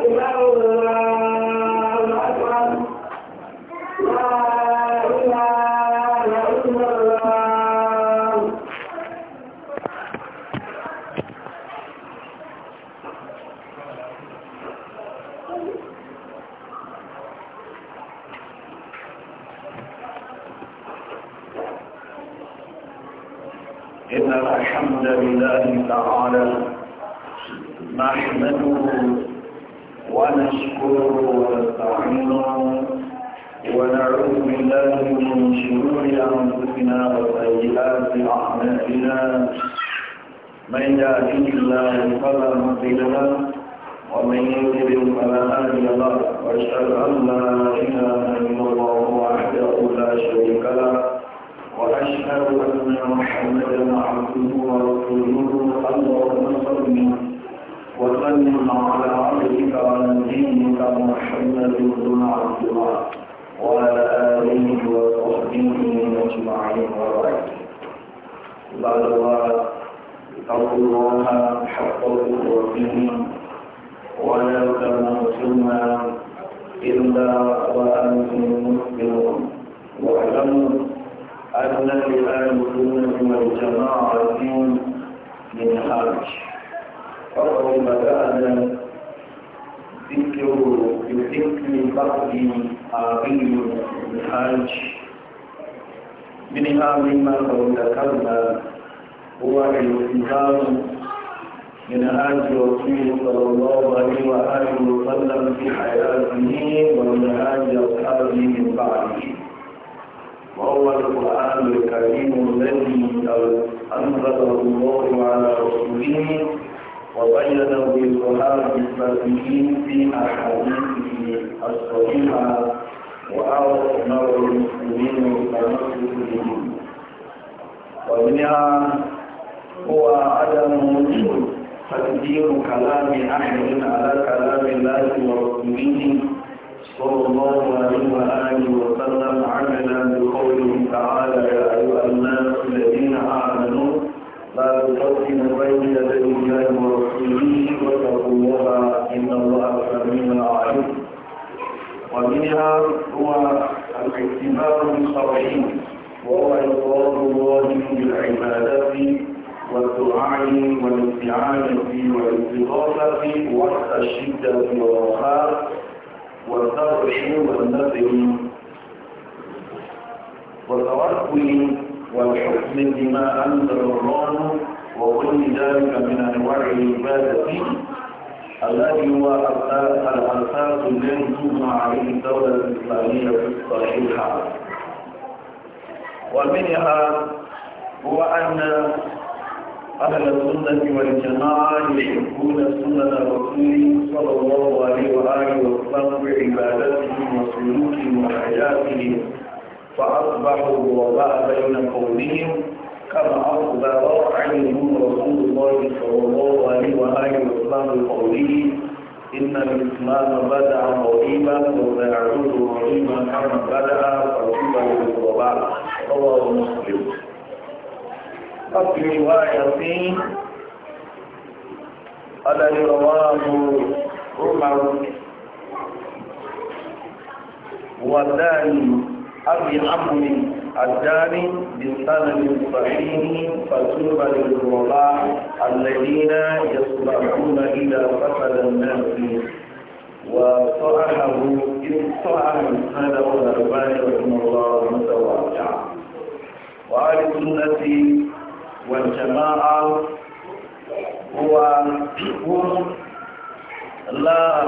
الله واعلموا أن لآل السنة والجماعة من حج فقد بدأنا ذكر بذكر بعض عظيم الحج من هذه ما قد ذكرنا هو الالتزام من آج رسول صلى الله عليه وآله وسلم في حياته ومن آج أصحابه من بعده وهو القرآن الكريم الذي أنزله الله على رسوله وبينه بالقرآن الصالحين في أحاديثه الصحيحة وأمر المسلمين بالتمسك به ومنها هو عدم وجود فتدير كلام أحمد على كلام الله ورسوله صلى الله عليه وآله وسلم عملا بقوله تعالى يا أيها الناس الذين آمنوا لا تقدموا بين يدي الله ورسوله واتقوا الله إن الله سميع عليم ومنها هو الاعتبار بالشرعي وهو إقرار الله بالعبادات والدعاء والاستعانة والاستغاثة وقت الشدة والرخاء والترح والنذر والتوكل والحكم بما أنزل الله وكل ذلك من أنواع العبادة الذي هو الأساس الذي تبنى عليه الدولة الإسلامية الصحيحة ومنها هو أن أهل السنة والجماعة يحبون سنة رسوله صلى الله عليه وآله وسلم بعبادتهم وسلوكهم وحياتهم فأصبحوا الوباء بين قومهم كما أخبر عنهم رسول الله صلى الله عليه وآله وسلم بقوله إن الإسلام بدأ قريبا وسيعود قريبا كما بدأ فأصبحوا بالوباء رواه مسلم فضل ويقين الذي رواه عمر والداني أبي عمرو الداني بسند صحيح فطوبى للغلاء الذين يصبحون اذا فسد الناس وصرحه اذ هذا هو الألباني رحمه الله متواضعا وأهل سنه والجماعة هو هم لا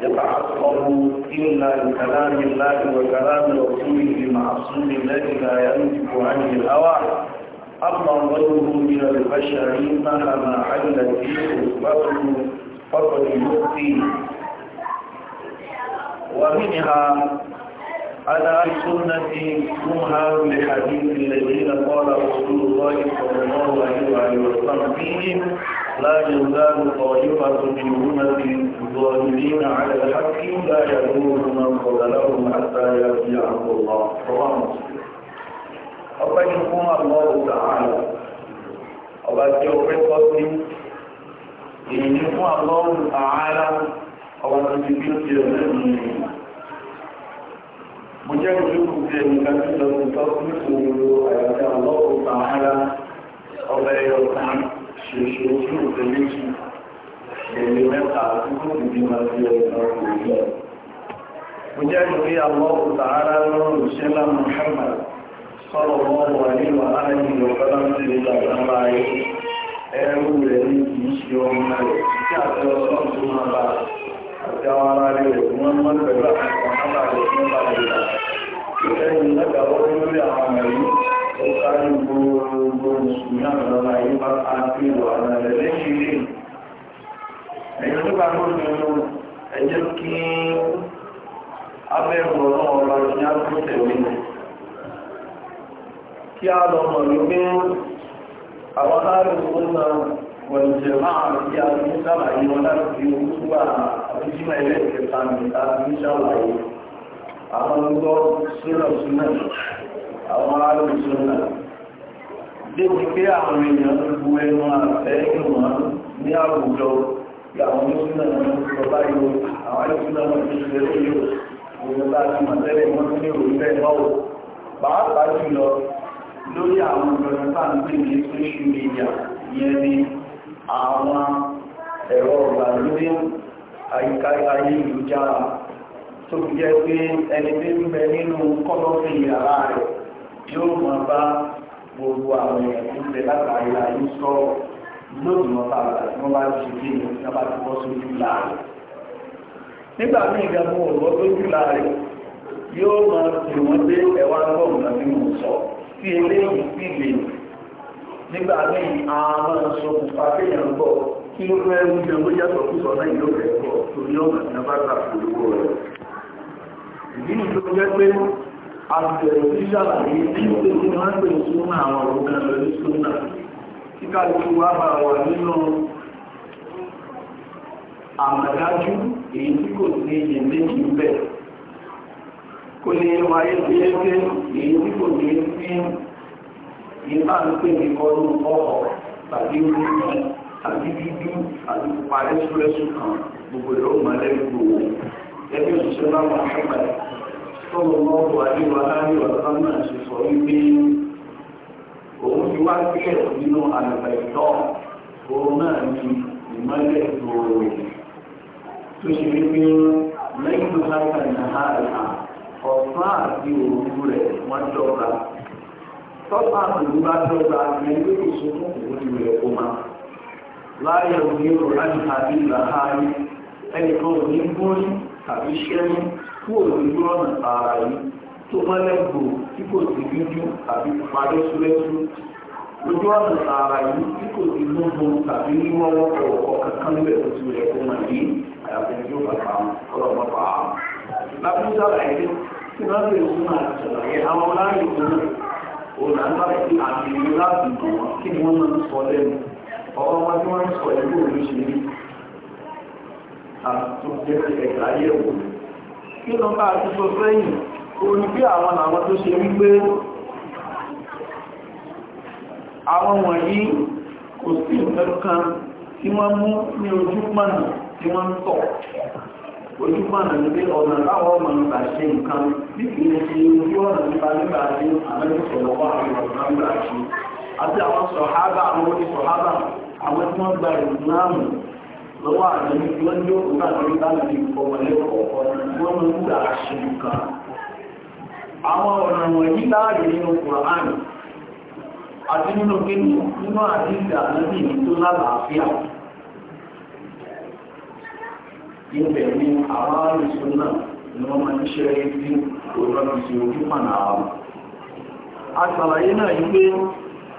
يتعصب إلا لكلام الله وكلام رسوله المعصوم الذي لا ينطق عنه الهوى أما غيره من البشر مهما علت فيه أسبته فقد يؤتي ومنها على سنة مهر لحديث الذين قال رسول الله صلى الله عليه وسلم فيهم لا يزال طائفة من أمتي ظاهرين على الحق لا يدور من قتلهم حتى يأتي أمر الله رواه مسلم أبا يكون الله تعالى أبا يكون قصدي إن يكون الله تعالى أبا يكون قصدي mo jẹ́ ìlú ìgbẹ́ ìgbàgbé lọ́dún tó ń lò àyàjá ọlọ́pù wà nínú aláìní lọ́kọ́lá ń lè gbàgbá báyé ẹrú rẹ̀ ní kìí ọmọ rẹ̀ tí àti ọlọ́pù máa bá àti àwọn ará rí rẹ̀ wọ́n mọ́ pẹ̀lú àwọn ará rẹ̀ fún balẹ̀ rẹ̀. Ìṣẹ́yìn lẹ́gbàá wọ́n lórí àwọn ọmọ yìí, ó kárí gbogbo mùsùlùmí àtọ́lá yìí bá a ti wà lálẹ́ lẹ́yìn ilé. Ẹ̀yin tó bá lórí inú ẹ̀jẹ̀ kí abẹ́rù ọ̀rọ̀ ọ̀rọ̀ ní àkótẹ̀wé. Kí a lọ mọ̀ wípé àwọn aláàrùn tó náà wọ̀lùjẹ̀ máa fi àwọn ìsáàlàyé wọn láti fi owó wà ìjímọ̀ ẹlẹ́ẹ̀kẹta nìta ní ṣàlàyé àwọn ọgbọ́ súnà àwọn alùsúnà débi pé àwọn èèyàn gbogbo ẹnu àfẹ́ ìwọ̀n ní àwùjọ àwọn onísúnà náà sọ báyìí àwọn alùsúnà náà ti ṣe lóyò òun bá ti mọ̀ tẹ́lẹ̀ wọ́n tún ní òun bẹ́ẹ̀ náà pàápàá jùlọ lórí àwọn ọ̀gbọ̀n tá ń pè ní social media yẹn ni àwọn ẹ̀rọ ọ̀gbà lórí àyíká ayé ìlú jára tó fi jẹ́ pé ẹni tí ń bẹ nínú kọ́lọ́fì yàrá rẹ̀ yóò máa bá gbogbo àwọn èèyàn tó ń bẹ látàrí ayé sọ̀rọ̀ lóògùn ọba àgbà tí wọ́n bá ti ṣe kí èèyàn náà bá ti bọ́ sójú láàrẹ̀. nígbà míì gan mo ò bọ́ sójú láàrẹ̀ yóò máa pè wọ́n dé ẹ̀wá gbọ́n náà bí mo sọ sí eléyìí sí lè nígbà míì àwọn aṣọ pupa kéèyàn gbọ́ kí ló fẹ́ ń jẹun tó yàtọ̀ fún sọ náà ìlú rẹ̀ kọ̀ torí ọ̀nà tí a bá gbà polówó rẹ̀ ìdí ni tó jẹ́ pé àbẹ̀rẹ̀ sí ṣàlàyé tí ó pé kí wọ́n pè súnmọ́ àwọn ọ̀gbìn lọ ní súnmọ́ kí kálukú wá bá wà nínú àmàdájú èyí tí kò sí iye méjì bẹ́ẹ̀ kò ní wáyé tí é pé èyí tí kò ní sí ń pè ní ọdún ọkọ̀ tàbí orí àti dúdú àti pupa lẹ́sùlẹ́sù kan gbogbo ìlú mọ́lẹ́ gbogbo ẹgbẹ́ òṣìṣẹ́ bá wọn ṣọ́pẹ́ tọ́lọ̀ lọ́wọ́ àdéhùn aláàrí ọ̀sán náà ṣe sọ wípé òun ti wá gbé nínú àlùbà ìtọ́ òun náà ni ìmọ́lẹ̀ gbòòrò tó ṣe wípé lẹ́yìn tó sáfà náà àrà ọ̀sán àti òru rẹ̀ wọ́n dọ́gba tọ́pọ̀ àtòlú bá dọ́gba ẹgbẹ́ òṣèlú òun ìwé ẹ̀kọ́ máa láyẹ̀ òní ọ̀rá ní àbí ìlàhárí ẹnìkan ò ní gbórí tàbí ṣẹ́yìn kúrò lójú ọ̀nà tààrà yìí tó mọ́lẹ́gbò tí kò sí dúdú tàbí parí súrẹ́sú lójú ọ̀nà tààrà yìí tí kò sí gbogbo tàbí níwọ́wọ́ ọ̀kọ̀ kankan lórí ẹ̀kọ́ tó yẹ kó máa yí àyàfi tí ó bàbá ọ̀rọ̀ bàbá. lábújá wọ́n lè fún àtìsọ̀rọ̀ yẹn ọwọ́ wọn tí wọ́n ń sọ ìlú òní ṣe rí àtúnjẹ ẹ̀dá yẹ̀wò kí ló bá ti sọ sẹ́yìn orí bí àwọn àwọn tó ṣe wípé àwọn wọ̀nyí kò sí tí wọ́n mú ní ojúmọ̀nà tí wọ́n ń tọ̀ ní pé ọ̀nà ọmọ ṣe nǹkan bí kì í ṣe ojú ọ̀nà nípa ṣe àmẹ́sọ̀lọ́wọ́ àwọn ọ̀nà ṣe àti àwọn sọ̀hábà àwọn oníṣọ̀hábà àwọn tí wọ́n gba ìsìláàmù lọ́wọ́ àná ní wọ́n ní òkú náà ní bá nàbí ìfọwọ́lẹ́ ọ̀kọ̀ọ̀kọ́ wọ́n mú gbà àṣìlú kan àwọn ọ̀nà wọ̀nyí láàyè nínú Qur'an àti nínú kéjì nínú àdíjà lẹ́bí tó lálàáfíà ibẹ̀ ni àwọn àrùsùn náà ni wọ́n máa ń ṣe é sí náà yí pé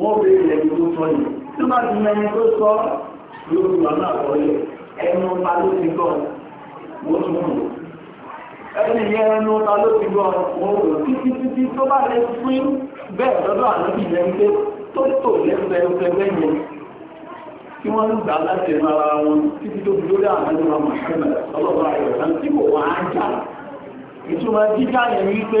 wọ́n bèèrè ẹni tó sọ yìí tó bá ti mẹni tó sọ yóò wà náà wọlé ẹnu ọba ló ti gbọ́ wọ́n tún mú ẹni yẹn ẹnu ọba ló ti gbọ́ wọ́n wò títí títí tó bá lè fún bẹ́ẹ̀ lọ́dọ̀ àlọ́bì lẹ́nu pé tó tò lẹ́fẹ̀ẹ́fẹ́ lẹ́yìn tí wọ́n ń gbà láti ẹnu ara wọn títí tó fi lórí àwọn ẹnu ọmọ ṣẹlẹ̀ ọlọ́run àyọ̀tán tí kò wá á jà ìtumọ̀ jíjà yẹn wípé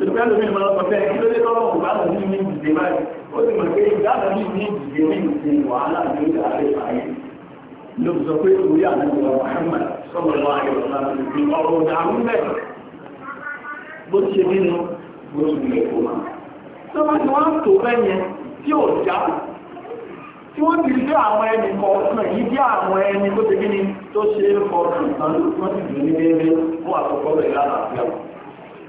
Ìjọba ló ní ìmọ̀ ọ̀pọ̀ fẹ́ kí ló dé tọ́lọ̀ kò bá lọ ní ní ìdìde báyìí. Ó sì mọ̀ pé ìdáàbò ní ní ìdìde ní ìdìde wàhálà ní ìdá rẹ̀ báyìí. Ló sọ pé orí àdúgbò Muhammad sọ̀rọ̀ wá ayọ̀ láti fi ọ̀rọ̀ dàrú mẹ́. Bó ti ṣe nínú bó ti lè kó máa. Sọ́mọ́ ni wọ́n tó bẹ́yẹn tí ò já tí wọ́n ti rí àwọn ẹni kọ̀ọ̀kan yìí jẹ́ àwọn ẹni tó ti gíní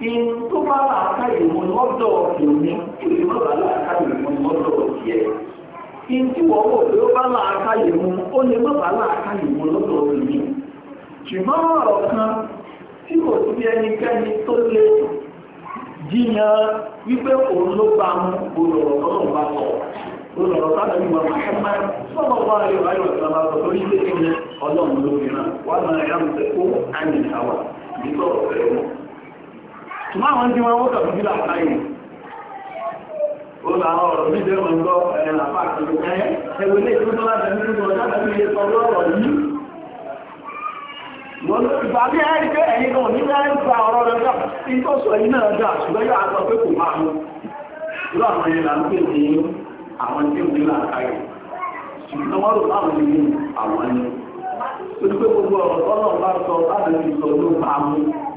in tó bá wà ká mú lọ́dọ̀ òní tó lè má lọ́dọ̀ tí wọ́n wò ó bá ó lọ́dọ̀ òní ṣùgbọ́n ọ̀rọ̀ kan tí kò sí ẹnikẹ́ni tó wípé òun ló bá mú olùrọ̀ bá sọ ihe ṣùgbọ́n àwọn tí wọ́n wọ́kà fún ìlànà yìí ó láwọn ọ̀rọ̀ ní ìjẹ́ wọn lọ ẹ̀rìn àpáàkì ẹ̀wẹ̀ ilé ìtúnjọ́ láti ẹ̀mí nínú ọjọ́ àti ilé sọ lọ́rọ̀ yìí wọ́n ló ti bàbí ẹ̀rí pé ẹ̀yìn kan ní láì ń fa ọ̀rọ̀ rẹ̀ dà tí tó sọ yìí náà dà ṣùgbọ́n yóò àgbà pé kò máa mú irú àwọn ẹ̀yìn là àwọn tí ó ní làákàyè ṣùgbọ́n wọ́n rò láwọn àwọn ẹni tó ní pé gbogbo ọ̀rọ̀ tọ́lọ̀ bá sọ láti fi sọ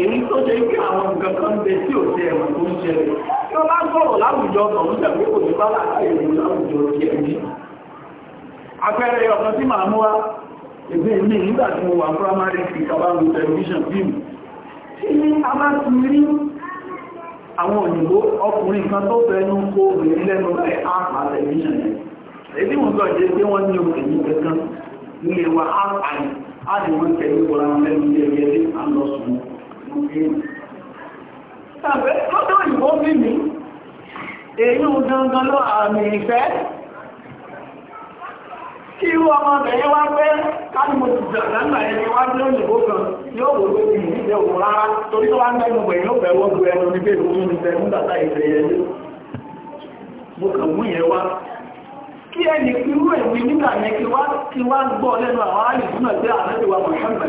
èyí tó ṣe pé àwọn nǹkan kan bẹ tí ò tẹ ẹ̀wọ̀n tó ń ṣẹlẹ̀ tí wọ́n bá sọ̀rọ̀ láwùjọ kan ń tẹ̀wé kò ní bálà sí èrò láwùjọ ti ẹ̀mí àpẹẹrẹ ọ̀kan tí màá mú wá ẹgbẹ́ mi nígbà tí mo wà primary fi kàbáwò tẹlifíṣàn fíìmù tí a bá ti rí àwọn òyìnbó ọkùnrin kan tó fẹ́nu kó obìnrin lẹ́nu rẹ̀ ápà tẹlifíṣàn yẹn èdè mú sọ jẹ́ pé wọ́n ní obìnrin kankan nílé wa á lè wọ́n tẹ̀lé Tàbí lọ́dọ̀ òyìnbó àmì ìfẹ́. Kí irú ọmọbìnrin wá pẹ́ kálùmọ̀ ti jọ̀dá ẹni wá ní òyìnbó kan ló ti ìdíje òun rárá torí tó wá ń gbẹ́nu bẹ̀rẹ̀ yóò bẹ̀rẹ̀ wọ́gbọ̀ ẹnu ní bẹ́ẹ̀ lóyún ní bẹ̀rẹ̀ nígbà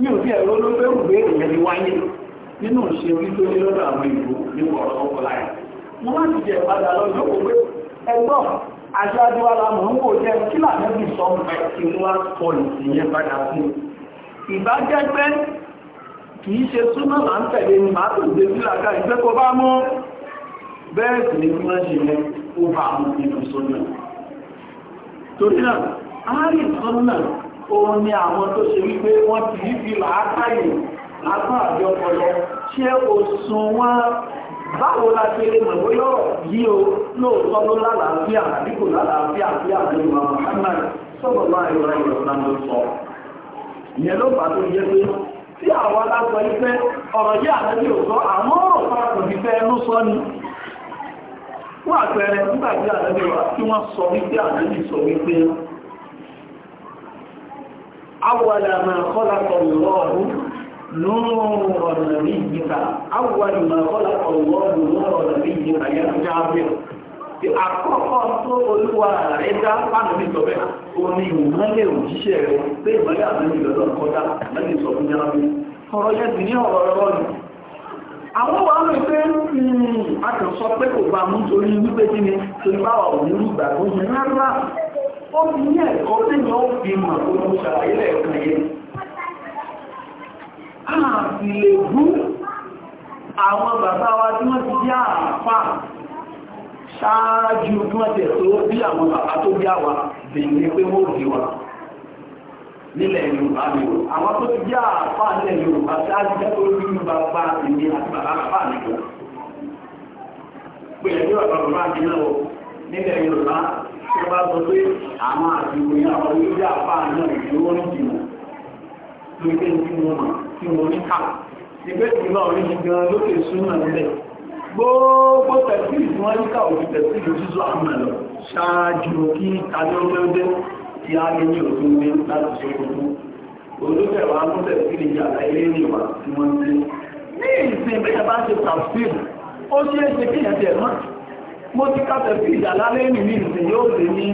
ní òbí ẹ̀rọ ló bẹ̀rù pé ìyẹn ni wáyé nínú ìṣe onítorí lọ́dọ̀ àwọn ìlú ní wọ̀rọ̀ ọkọ̀ láyé wọ́n wá ti jẹ padà lọ lóko pé ẹgbọ́n àṣà adéwálá mọ̀ ń wò jẹ́ kí làmẹ́bí sọ mẹ́ kí wọ́n á sọ ìsìnyẹn padà fún un ìbá jẹ́ pé kì í ṣe súnmọ́ máa ń tẹ̀lé torí náà a rí sọ́nà òun ni àwọn tó ṣe wípé wọ́n ti rí fi làákàyè lásán àbí ọpọlọ ṣé òsùn wọn báwo la ṣe lè mọ̀ bóyá yí o lóòótọ́ ló lálàáfíà àbí kò lálàáfíà àbí àbẹ̀wò Muhammad sọ̀rọ̀ máa yọra ìrọ̀lá ló sọ. ìyẹn ló bá tó yẹ pé tí àwọn aláṣọ ìfẹ́ ọ̀rọ̀ yí àtẹ́bí òsọ àwọn ọ̀rọ̀ farasọ̀ ìfẹ́ ẹnu sọ ni fún àpẹẹrẹ nígbà àtẹ́bí wa tí wọ́n sọ wípé àtẹ́bí sọ wípé أول ما khalaqa Allahu nura nabiyyika أول ما khalaqa Allahu nura nabiyyika yá jábìr ti àkọ́kọ́ tó olúwa rẹ̀ dá pàdánù ìjọba omi ìmọ́lẹ̀ òjíṣẹ́ rẹ̀ pé ìmọ́lẹ̀ àbúrò ìlọ́dọ̀ kọjá lẹ́yìn ìsọ̀kún yára bí ọ̀rọ̀ yẹn ti ní ọ̀rọ̀ ọ̀rọ̀ ni àwọn wà ní pé hmm, a kàn sọ pé kò bá mú torí wípé kí ni torí báwa ò rúgbà tó yẹn rárá ó ti ní ẹ̀kọ́ tẹ́yìn ó fi mọ̀ tó mú ṣàlàyé lẹ́ẹ̀kan yẹn ààfin lè bú àwọn bàbá wa tí wọ́n ti jẹ́ àáfà ṣáájú tí wọ́n tẹ̀ tó bí àwọn bàbá tó bí àwa bèèrè pé wọ́n bí wa nílẹ̀ Yorùbá ni o àwọn tó ti jẹ́ àáfà nílẹ̀ Yorùbá ṣáájú jẹ́ tó rí bàbá èmi àti bàbá àáfà nìkan pẹ̀lú ọ̀rọ̀ bàbá mi nílẹ̀ Yorùbá tó bá sọ pé àwọn àdìgbò ní àwọn orílẹ̀-èdè àpá náà ìdíwọ́ ní jìnnà ló gbé ní wọn mọ̀ tí wọn ní kà ìgbé tí wọn rí gan lókè súnmọ́ nílẹ̀ gbogbo tẹ̀sí tí wọ́n ní ká òfin tẹ̀sí ló sísọ àmọ́ lọ ṣáájú kí tàbíọ́lọ́dẹ́ tí a lè ní òfin ní láti ṣe gbogbo olóṣèlú wa mú tẹ̀sí lè jà láyé ní ìwà tí wọ́n ń gbé ní ìsìn bẹ́ẹ̀ bá ṣe tàbí ó ṣeé ṣe kí mo ti kàtẹ̀ sí ìjà lálẹ́ ìrìn ní ìsìn yóò lè ní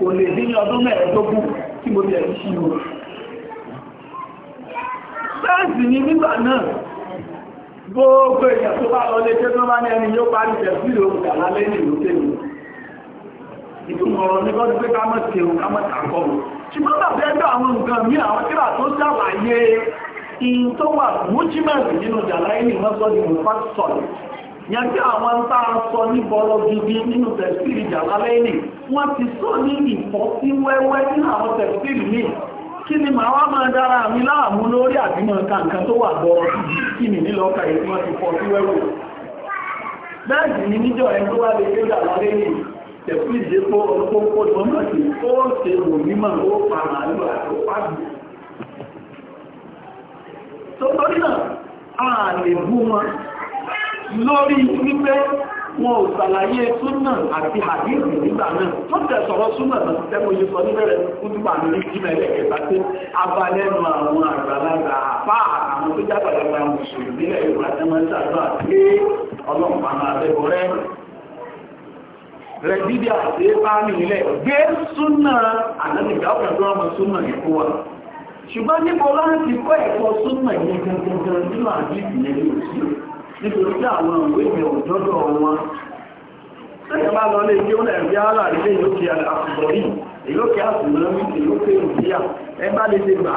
kò lè dín ní ọdún mẹ́ẹ̀ẹ́dógún tí mo ti ẹ̀rí sí o sáàsì ní nígbà náà gbogbo èèyàn tó bá lọlé tẹ́ tó bá ní ẹni yóò parí tẹ̀ sí ìlú ìjà lálẹ́ ìrìn lókè mi ìtumọ̀ ọ̀rọ̀ ní gọ́dún pé ká mọ̀ sí ẹ̀hùn ká mọ̀ tàkọ́ mi ṣùgbọ́n bàbá ẹgbẹ́ àwọn nǹkan mí àwọn tó ṣàlàyé in tó nínú ìjà láyé ní ìmọ́sọ́ kí àwọn tá a sọ ní bọ́lọ́ gidi nínú tẹ̀síìrì jàlá lẹ́yìn ti sọ ní ìfọ́síwẹ́wẹ́ nínú àwọn tẹ̀síìrì ní kí ni ma wá máa dára mi láàmú lórí àbímọ̀ kankan tó wà bọ́ọ̀rọ̀ kí ni nílọ́ka èyí ni wọn lórí wípé wọn ò ṣàlàyé súnà àti àdínkù nígbà náà tó tẹ̀ sọ̀rọ̀ súnà náà tẹ́kọ̀ọ́ yìí sọ níbẹ̀rẹ̀ kúndùbà ní ìjìnlẹ̀ ẹ̀kẹta pé abalẹ́nu àwọn àgbàlagbà àpá àwọn tó jágbàlagbà mùsùlùmí ilẹ̀ yorùbá tẹ́ máa ń ṣàdúrà pé ọlọ́pàá máa bẹ̀rù rẹ̀ rẹ̀ dídí àti ipá ní ilẹ̀ gbé súnà àdánìgbà pẹ̀lú ọmọ súnà ìkó wa ṣùgbọ́n níbo láti kọ́ ẹ̀kọ́ súnà yẹn gangan nínú àdínkù yẹn yóò nítorí tí àwọn òwe ìwé òjọ́dọ̀ wọn tẹ́yẹ̀ bá lọ lé ilé ó lẹ́rí ara ilé ìlókè àkùbọ̀rí ìlókè àkùbọ̀rí ìlókè òjíà ẹ lè ṣe gbà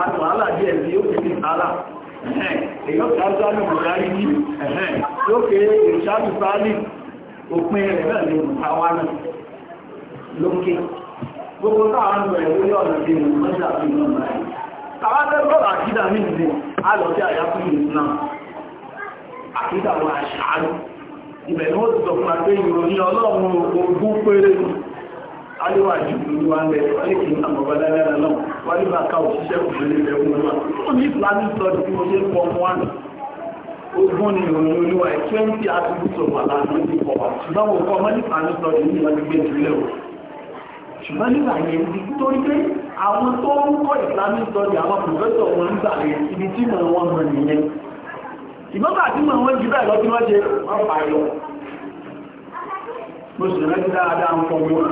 àtọ̀ ní àkídà àwọn àṣàárù ibẹ̀ ni ó ti sọ fún wa pé ìròyìn ọlọ́run ogún péré aléwà jùlọ ní wọ́n lẹ̀ ọlẹ́kì àmọ̀bálá lára náà wọ́n ní bàkà òṣìṣẹ́ òṣèlú ilẹ̀ wọn wà ó ní islamic study tí mo ṣe ń pọ̀ wọn ogún ni ìròyìn olúwa ẹ̀ twenty attributes of Allah ló ti pọ̀ wá ṣùgbọ́n mo kọ́ ọmọ ní islamic study ní ti gbé ìjùlẹ̀ o ṣùgbọ́n nígbà yẹn ní torí pé àwọn tó ń kọ́ islamic study àwọn professor wọn ń gbà yẹn ibi tí mo wọn mọ nìyẹn ìgbọ́gbà tí mọ̀ wọ́n jù bẹ́ẹ̀ lọ tí wọ́n ṣe wọ́n pààyọ mo sì rẹ́ dáadáa ń fọ́ mọ́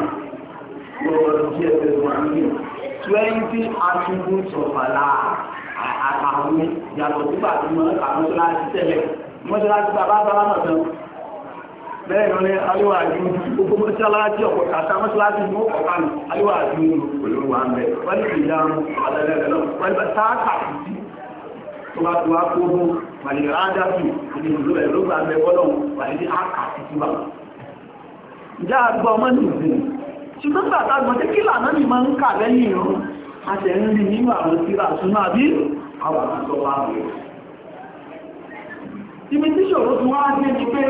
lọ́wọ́ tí ẹ̀sẹ̀ wà ní twenty attributes of Allah àtàwọn yàtọ̀ nígbà tí wọ́n kà mọ́ síláṣí tẹ́lẹ̀ mọ́ síláṣí bàbá bàbá mọ̀ tán bẹ́ẹ̀ lọ ní aríwá àjú gbogbo mọ́ síláṣí ọ̀pọ̀ kàtà mọ́ síláṣí mọ́ ọ̀pá ní aríwá àjú olówó àmẹ́ wọ́n ní ìdáhùn àlẹ́lẹ́lẹ́ náà wọ́n ní bá sáà kà sí tó bá tó wá kó wàlẹ̀ àádájú àti ìlú ẹ̀rọ gbà mẹ́gbọ́lọ́ wàlẹ̀ ní àkàtì tí wà. ìjà àgbà ọmọ ní ìsìn ṣùgbọ́n gbà tágbọ́n tí kílà náà ni máa ń kà lẹ́yìn ìrún a ṣe ń rí nínú àwọn tíra súnmọ́ àbí àwọn àtọ́wà rẹ̀. ibi tí ṣòro tí wọ́n á dé ni bá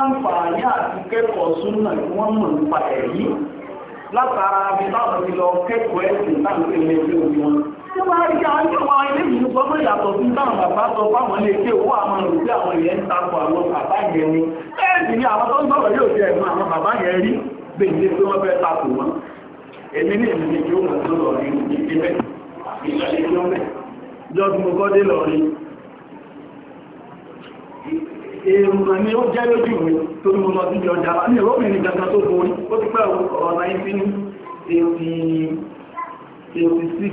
ń ti lọ kẹ́kọ̀ọ́ ẹ̀sìn láti ilé ẹgbẹ́ òbí wọn tí wọ́n rí àwọn àwọn ilé ìlú gbọ́mọ̀ ìyàtọ̀ sí táwọn bàbá sọ fáwọn ilé tí owó àwọn olùgbé àwọn ilẹ̀ ń takọ̀ àwọn bàbá yẹn ni bẹ́ẹ̀ sì ni àwọn tó ń sọ̀rọ̀ yóò jẹ́ ẹ̀mọ́ àwọn bàbá yẹn rí gbèǹde tí wọ́n fẹ́ takò wọn èmi ní èmi ni kí ó mọ̀ tó lọ rí ibi bẹ́ẹ̀ ìṣẹ̀lẹ̀ tí ó mẹ́ jọ́dún mo kọ́dé lọ rí èèmọ̀ ni ó jẹ́ lójú mi tó ní mo lọ síbi ọjà ní ìrọ́bìnrin gangan tó borí ó ti pẹ́ ọ̀nà ìfínú 86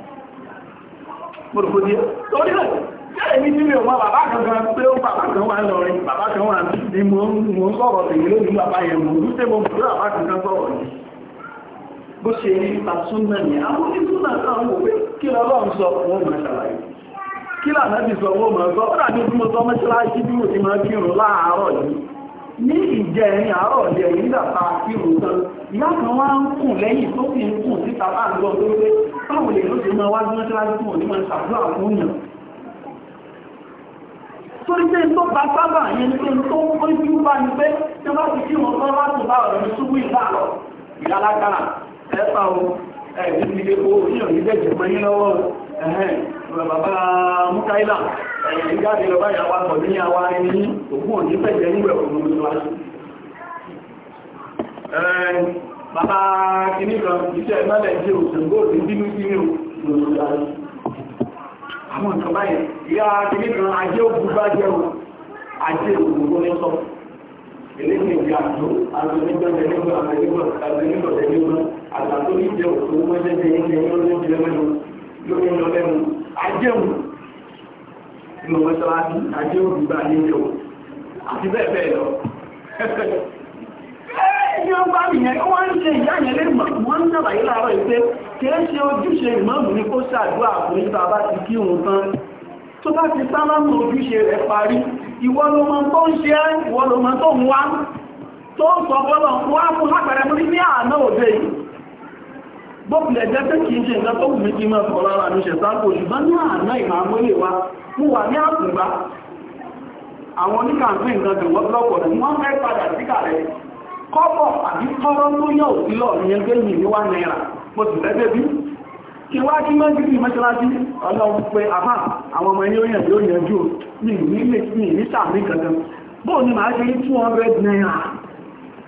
mọ̀rọ̀kọ́dé torí rẹ̀ jẹ́ èmi tí mi ò mọ bàbá kankan pé ó bàbá kan wà lọrin bàbá kan wà ní mo ń sọ̀rọ̀ tèmi lónìí bàbá yẹn mo ń tẹ́ mo ń fúra bàbá kankan sọ̀rọ̀ yìí bó ṣe rí ta súnmọ̀ ní àwọn onísúnà kan wò pé kí lọ́lọ́run sọ owó mọ̀ ṣàlàyé kí lànà bí sọ owó mọ̀ sọ ó dàbí tí mo sọ mọ́ṣáláṣí bí mo ti máa kírun láàárọ̀ yìí ní ìjẹ ẹ̀rin àárọ̀ jẹ ìgbàta kí o tán ìyá kan wá ń kùn lẹ́yìn tó sì ń kùn síta bá ń lọ tó pé báwo lè ló ṣe máa wá ní mọ́ṣáláṣí fún òní máa ṣàdúrà fún yàn torí pé tó bá sábà yẹn ní pé tó ń pín bí bá ní pé tí wọ́n ti kí wọn tán láti bá ọ̀rọ̀ ní ṣubú ìlà lọ ìyá lágbára ẹ̀ẹ́ta o ẹ̀ẹ́dínlẹ̀ owó yàn ní bẹ̀jẹ̀ yín lọ́wọ́ ẹ̀hẹ́n bàbá múkaílà ẹ̀yìn jáde lọ báyà wà pọ̀ ní àwà ẹni ògùn òní pẹ̀jẹ̀ nígbẹ̀ òun ló wá bàbá kìíní kan iṣẹ́ ìmọ́lẹ̀ jẹ́ òṣèǹgbò tí bínú sí ní òṣèǹgbò àwọn nǹkan báyìí ìyá kìíní kan ajé òkú bá jẹ́ ajé òkú ní sọ eléyìí ìgbà tó alùpùpù nígbà tẹ̀légbà àtẹ̀légbà tẹ̀légbà àtàtó ní jẹ́ òkú mọ́jẹ́ tẹ̀légbà lórí lọ́lẹ́nu ajéhùn ní ọmọ ṣọ́lájú ajéhùn gbígbà ní ìjọ àti bẹ́ẹ̀ bẹ́ẹ̀ lọ ẹni ọgbà ìyẹn wọ́n ń ṣe ìyá yẹn lẹ́nu wọ́n ń nàbàyí láàárọ̀ ìpé kìí ṣe ojúṣe ìmọ̀mù ní kó ṣàdúrà fún ìgbà bá ti kí òun tán tó bá ti sálámù ojúṣe rẹ̀ parí ìwọ ló mọ tó ń ṣe ìwọ ló mọ tó ń wá tó ń sọ bọ́lọ̀ wá fún àpẹẹrẹ mú ní àná òde yìí gbọ́pùlẹ̀ jẹ́ pé kìí ṣe nǹkan tó wù mí kí mọ́ ọ̀pọ̀ lára mi ṣẹ̀ sáàkò ṣùgbọ́n ní àná ìmàmú ilé wa mú wà ní àkùngbà àwọn oníkàǹfẹ́ nǹkan tó wọ́n lọ́pọ̀ rẹ̀ wọ́n fẹ́ padà síkà rẹ̀ kọ́bọ̀ àbí tọ́rọ́ tó yẹ òsílọ̀ ìyẹn pé mi ní wá náírà mo sì fẹ́ débi kí wá kí mọ́ sí mọ́ṣáláṣí ọlọ́run pé àbá àwọn ọmọ yóò yàn yóò yànjú mi ní sàmì kankan bóò ni màá ṣe ní 200 náírà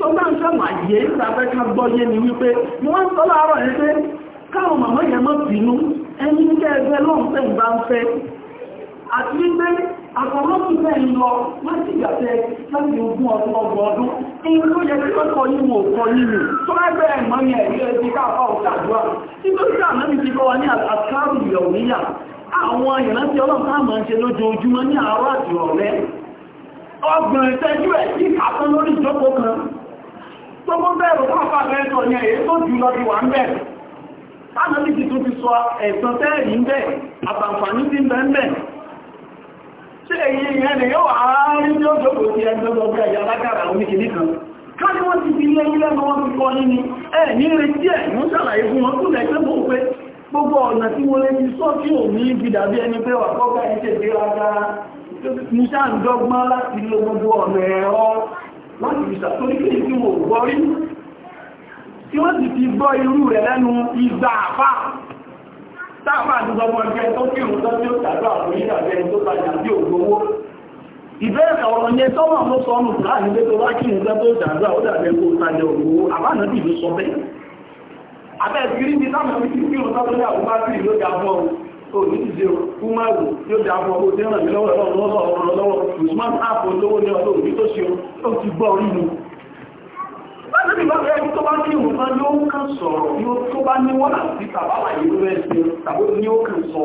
tó bá ń sọ́mà yé ìsàfẹ́ ká gbọ́yé ni wípé wọ́n sọ láàárọ̀ yẹn pé káwọn màmá yẹn mọ́ bínú ẹni ní kẹ́ẹ̀fẹ́ lọ́nfẹ́ ìbá ń fẹ́ àti wípé àkọlọ́pùpẹ́ ń lọ láti ìgbàfẹ́ láti ogún ọdún ọgbọ̀n ọdún in tó yẹ kí lọ́kọ̀ yíwò ọkọ̀ yíwò tó ẹgbẹ́ ẹ̀mọ́ yẹn ẹ̀rí ẹ̀rí káàkọ́ ọ̀tàdúrà nítorí àmọ́ mi ti kọ́ wa ní àkárù ìyọ̀wíyà àwọn ìrántí ọlọ́pàá máa ń ṣe lójoojúmọ́ ní àárọ̀ àti ọ̀rẹ́ ọgbọ̀n ìtẹ́jú ẹ̀ sí àtọ́ lórí ìjọ́kọ̀ kan gbogbo bẹ̀rù tó fà bẹ́ẹ̀ sọ ní ẹ̀yẹ tó jùlọ lọ ti wà ń bẹ̀ tánàbí ti ti sọ ẹ̀sán tẹ́ẹ̀rí ń bẹ̀ ti ń bẹ̀ ń bẹ̀ ṣe èyí yóò àárín sí oníkìní kan wọ́n ti fi ilé ilé kọ́ ẹ̀ ní retí ẹ̀ mú ṣàlàyé fún wọn pé gbogbo ọ̀nà tí ẹni pé wà kọ́kọ́ ẹni ṣe mo ṣáà ń dọ́gbọ́n láti ìṣà tó ní kí ní wò gbọ́ rí tí wọ́n sì ti gbọ́ irú rẹ̀ lẹ́nu ìgbà àpá táàpá àdúgbò ọmọ ẹgbẹ́ tó kírun tó tí ó tàbí àwọn ìdàbẹ́ tó tajà bí ògbówó ìbẹ́rẹ̀ ọ̀rọ̀ yẹn tọ́mọ̀ ló sọ ọmọ láàrin pé tó bá kírun tó tó tàbí àwọn ìdàbẹ́ tó tajà ògbówó àbánà bì ló sọ bẹ́ẹ̀ abẹ́ ìgbìrì ní táwọn ìgbìrì tó tàbí àwọn ìdàbẹ́ òní ìdíje kúmàrù yóò dá fún ọgbọ́n tí ràn mí lọ́wọ́ ẹ̀rọ lọ́wọ́ ọ̀rọ̀ lọ́wọ́ usman app olówó ní ọdún òbí tó ṣe ó ti gbọ́ orí mi láti bá fẹ́ tó bá kí òun tán yóò kàn sọ̀rọ̀ yóò tó bá ní wọ́n àti tàbáwà yóò rẹ̀ sí tàbí ní ó kàn sọ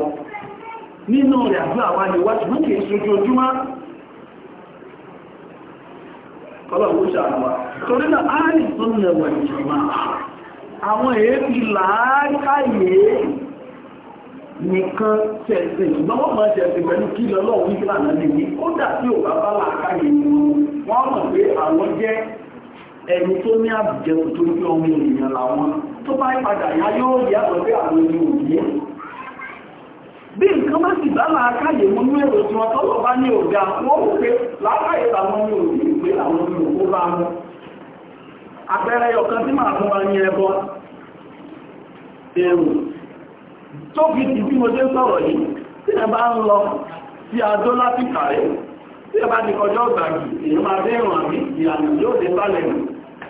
nínú rẹ̀ àbí àwa àwọn èébì làákàyè nìkan ṣẹ̀ṣẹ̀ ṣùgbọ́n wọ́n máa ṣẹ̀ṣẹ̀ pẹ̀lú kí lọ́lọ́ wíkílà náà lè ó dà sí ò bàbá wọ́n mọ̀ pé àwọn jẹ́ ẹni tó ní àbùjẹ́ tó ní ọmọ ènìyàn làwọn tó bá padà yá yóò yá lọ pé àwọn ẹni òbí bí nǹkan bá sì bá mú ní èrò tí wọ́n tọ́lọ̀ bá ní ọ̀gá wọ́n rò pé làwọn ní òbí pé ní òkú bá mú àpẹẹrẹ ọ̀kan tí màá fún wa tó fi ti bí mo dé sọ̀rọ̀ yìí tí ẹ bá ń lọ sí adó láti kàrẹ́ tí ẹ bá ti kọjọ́ gbàgbì èyí máa dé ìrìn àmì ìyànà yóò dé balẹ̀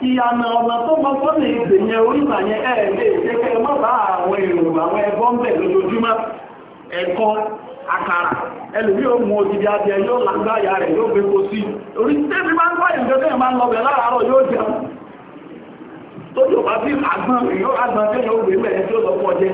ìyànà ọ̀nà tó mọ sọ́nà ìpè yẹn oríta yẹn ẹ̀ lè kékeré mọ́ bá àwọn èrò àwọn ẹgbọ́n bẹ̀ lójoojúmọ́ ẹ̀kọ́ àkàrà ẹlùmí ò mú òdìdí adìẹ yóò lágbáyà rẹ̀ yóò gbé kó sí orí tẹ́bí máa ń kọ́ ìjọdẹ́ máa ń lọ bẹ̀ láàárọ̀ yóò jẹun tó jọba bí àgbọn yóò àgbọn tẹ́yìn ó gbé mẹ́rin tí ó lọ pọ̀ jẹ́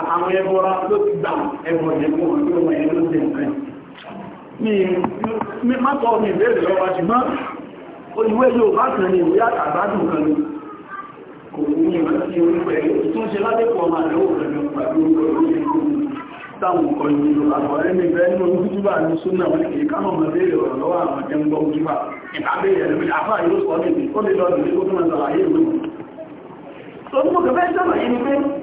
àtàwọn ẹbọra ló ti gbà ẹbọ ìyẹ̀kọ́ ọjọ́ ọmọ ẹ̀yẹ ló ti nǹkan mi má sọ mi ìbéèrè lọ́wọ́ ṣùgbọ́n olùwé yóò bá kan ní ìwé àtàgbádùn kan ní kò ní ìrántí orí pẹ̀lú tó ń ṣe ládẹ́kọ̀ọ́ máa lọ́wọ́ pẹ̀lú pàdé orí táwọn ọkọ̀ ìlú àgbọ̀rẹ́ ní ìbẹ́ nínú ojúbà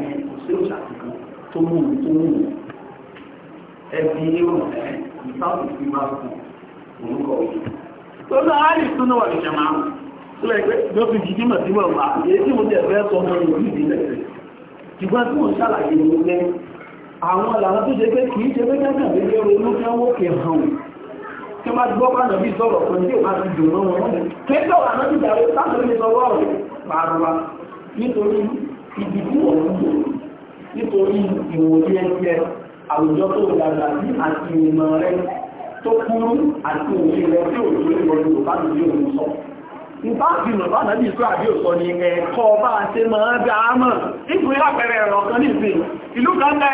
sí òṣà kankan tó mú tó mú un ẹbí yóò ẹ ìsáàbù sí máa kù orúkọ òjò tó lọ àárín tó wà ní jẹma sílẹ̀ pé ló fi jìdí mọ̀ sí mọ̀mọ́ àyè mo tẹ̀ fẹ́ sọ mọ́ ní orí ìdílé rẹ̀ ṣùgbọ́n tí mo ṣàlàyé mo lẹ́ àwọn làwọn tó ṣe pé kì ṣe pé kẹ́kẹ́ mi lé ronú kí wọ́n kẹ́ hàn kí wọ́n gbọ́ pàdé bí sọ̀rọ̀ kan tí òun àti dùn náà wọn kẹ́kẹ́ wà náà ti dàrú sáà tó sọ wọ́ọ̀rù pàrọwà nítorí ìdìbò ọ̀hún nítorí ìwòye ẹgbẹ́ àwùjọ tó dàgbà sí àti ìmọ̀ rẹ tó kúrú àti òye rẹ tí òjò ìwọ̀n Yorùbá ló yóò mú sọ. Nípa àti Yorùbá náà bí ìṣó àbí òsọ ni ẹ̀kọ́ bá a ṣe máa dá a mọ̀. Ìfún yà bẹ̀rẹ̀ ẹ̀rọ kan ní ìsìn. Ìlú kan lẹ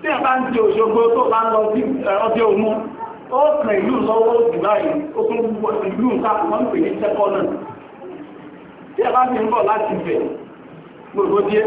tí ẹ bá ń di Òṣogbo tó bá ń lọ sí ọjọ́ òmu. Ó kàn ìlú lọ́wọ́ Dubai, ó tún ìlú nǹkan wọ́n pè ní Tẹ́kọ́ náà. Tí ẹ ti ń bọ̀ láti bẹ̀, gbogbo díẹ̀,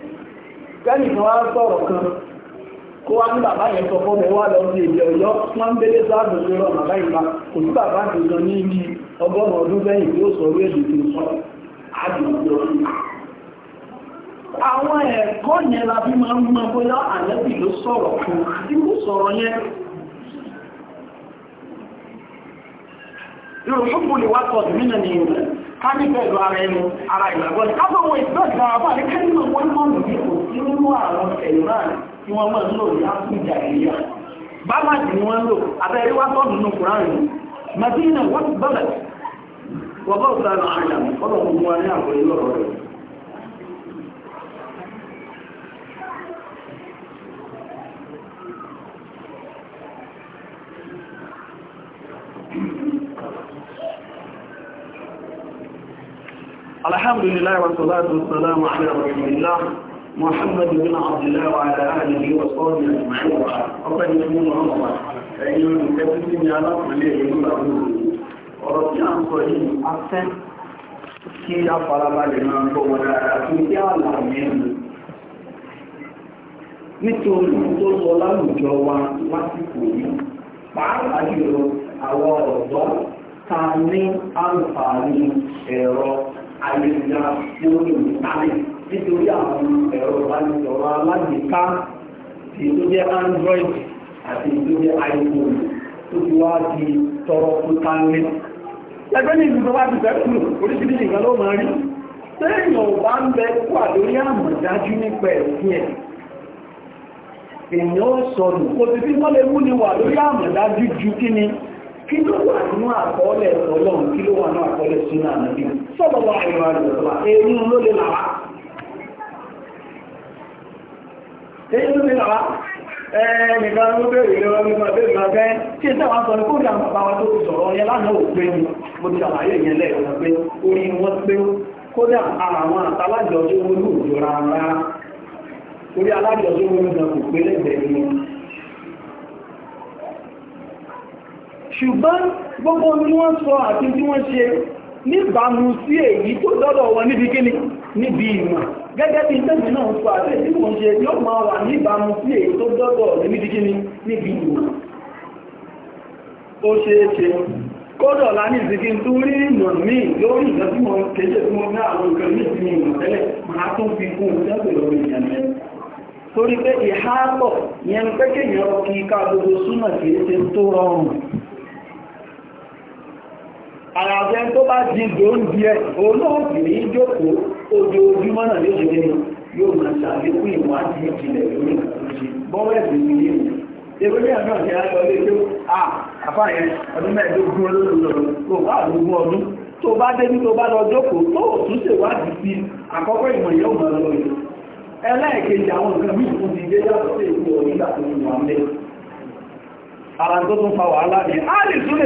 gẹ́nì kan wá sọ̀rọ̀ kan kó wá ní bàbá yẹn sọ fọ́mọ wá lọ sí èdè ọ̀yọ́ wọ́n ń délé sáàbù tó rọ̀ bàbá yìí bá kò sí bàbá kankan ní ibi ọgọ́rùn ọdún lẹ́yìn tí ó sọ orí èdè tó sọ àdùnkọ àwọn ẹ̀kọ́ yẹn la fi máa ń mọ bóyá àlẹ́bì ló sọ̀rọ̀ fún irú sọ̀rọ̀ yẹn irú fún bùnú wá tọ̀ kánífẹ́ ìlú ara ẹnu ara ìgbàgbọ́ ni kápẹ́ wọn ìgbà ìgbà àbá ní kẹ́lìmọ̀ wọn mọ̀ ní kò sí nínú àwọn ẹ̀yìnrán tí wọ́n máa lò ní áfíríkà ìyá bámàdì ni wọ́n lò abẹ́rẹ́ wá nínú kùránì wọ́n bọ́lẹ̀ wọ́n الحمد لله والصلاة والسلام على رسول الله محمد بن عبد الله وعلى آله وصحبه أجمعين أبدا يكون رمضان ẹ̀yìn ìkẹ́sìtì ní alápẹ̀lẹ̀ ìlú àdúgbò ọ̀rọ̀ tí a ń sọ yìí a fẹ́ kí a farabalẹ̀ máa gbọ́ wọn dáadáa tó kí a là mẹ́rin nítorí tó sọ láwùjọ wa lásìkò yìí pàápàá jùlọ àwọn ọ̀dọ́ ta ní àǹfààní ẹ̀rọ ayélujára tí ó ní ìtàlẹ̀ nítorí àwọn ẹ̀rọ ìbánisọ̀rọ̀ alágbèéká tí ó jẹ́ android àti tó jẹ́ iphone tó ti wá tọrọ fún tánlé ẹgbẹ́ ní ìlú bá ti fẹ́ kúrò oríṣiríṣi nǹkan ló máa rí ń bẹ àdórí àmọ̀dájú nípa ẹ̀sìn ẹ̀ èèyàn sọnù kò sì fi ju kí kí ló wà nínú àkọọ́lẹ̀ ọlọ́run kí ló wà nínú àkọọ́lẹ̀ sínú ànábì sọ́lọ́wọ́ àìwá rẹ̀ lọ́wọ́ ló lè làwá ẹ̀rù ló bèèrè lọ́wọ́ nípa bèèrè máa bẹ́ tí ẹ̀ sáwọn sọ ní kó dà bàbá tó sọ̀rọ̀ ọyẹ lánàá ò pé ni mo ti pé orí wọn pé kódà àwọn àtàlájọ tó wọlé òjò rárá orí alájọ tó wọlé gan kò ṣùgbọ́n gbogbo ní wọ́n sọ àti tí wọ́n ṣe níbàmú sí èyí tó dọ́dọ̀ wọn níbi kíni níbi ìmọ̀ gẹ́gẹ́ bí tẹ́jì náà sọ àti tí wọ́n ṣe yóò máa wà níbàmú sí èyí tó dọ́dọ̀ níbi kíni níbi ìmọ̀ ó ṣe é ṣe kódọ̀ láni ìsìnkí tó rí ìmọ̀ mí lórí ìjọsí wọn kéjẹ tí wọ́n ní àwọn nǹkan ní ìsinmi ìmọ̀ tẹ́lẹ̀ máa tún fi kún ìjọsí lórí ìyànjẹ́ torí pé ìhápọ̀ yẹn pẹ́kẹ̀yàn kí ká gbogbo súnmọ̀ kìí ṣe tó rọrùn àyàfẹ́ tó bá di dòóndì ẹ̀ olóògbé ní ìjókòó ojoojúmọ́ náà lè ṣe yóò máa ṣàlékún ìwọ̀n àti ìjìnlẹ̀ lórí tó bá àdúgbò ọdún tó bá lọ jókòó tó òtún ṣèwádìí sí àkọ́kọ́ ìmọ̀ yóò mọ̀ lọ yìí ẹlẹ́ẹ̀kejì àwọn nǹkan mí fún ti yàtọ̀ sí tó ń wà mẹ́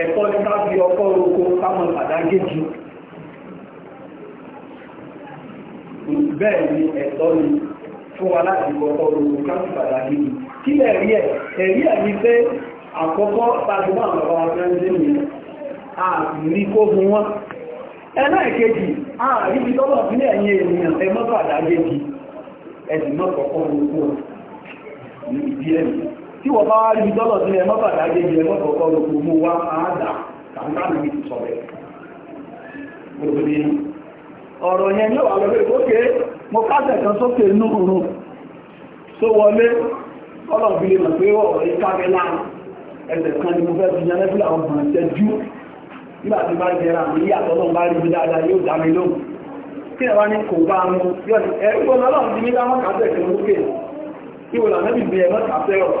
ẹ̀kọ́ ní ká fi ọkọ́ oko kámọ̀ pàdágéjì bẹ́ẹ̀ ni ẹ̀tọ́ ni fún wa láti ọkọ́ oko kámọ̀ pàdágéjì kí lẹ̀ rí ẹ̀ ẹ̀rí ẹ̀ ní pé àkọ́kọ́ tàbíwá àwọn ọmọ ọmọ ọmọ ọmọ ọmọ tí wọ́n bá rí dọ́lọ̀ sí ẹmọ́ bàdá gẹ́gẹ́ ẹmọ́ kọ̀ọ̀kọ́ lóko mú wá àádà tàbí láti mi dáadáa yóò kí ẹ̀wá ní kò bá mú yọ̀ọ̀dì ẹ̀rú gbọ́n lọ́wọ́ ti ní láwọn kásẹ̀ lókè ìwòlànà bìbí ẹ̀mọ́ kásẹ̀ ọ̀rọ̀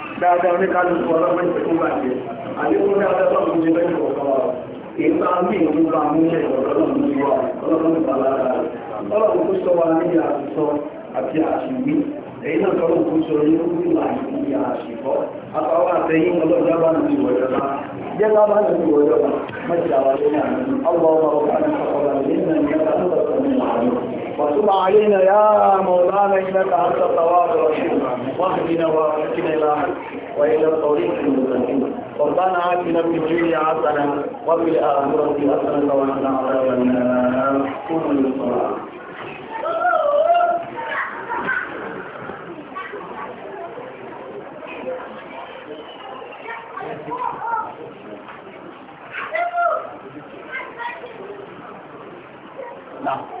dáadáa oníkálukú ọlọ́pẹ́ ìpínlẹ̀ bàjẹ́ àdéhùn dáadáa lọ́pọ̀ ní bẹ́ẹ̀ kọ̀ọ̀kan wa èyí bá ń bí ìlú bá mú ṣe ọlọ́run ní wa ọlọ́run nípa lára rẹ̀ ọlọ́run kó sọ wa níbi àtúntọ́ àti àṣìwí èyí náà tọ́lọ́ kó sọ ní ó ní wà ní àṣìkọ́ àpáwọ́ àtẹ̀yìn ọlọ́jà bá ní ìwọ̀jọba jẹ́ bá bá ní ìwọ̀jọba mẹ́ta wà وتب علينا يا مولانا إنك أنت التواب الرحيم واهدنا وأهدنا إلى وإلى الطريق المستقيم ربنا آتنا في الدنيا حسنة وفي الآخرة حسنة وقنا عذاب النار كل الصلاة No.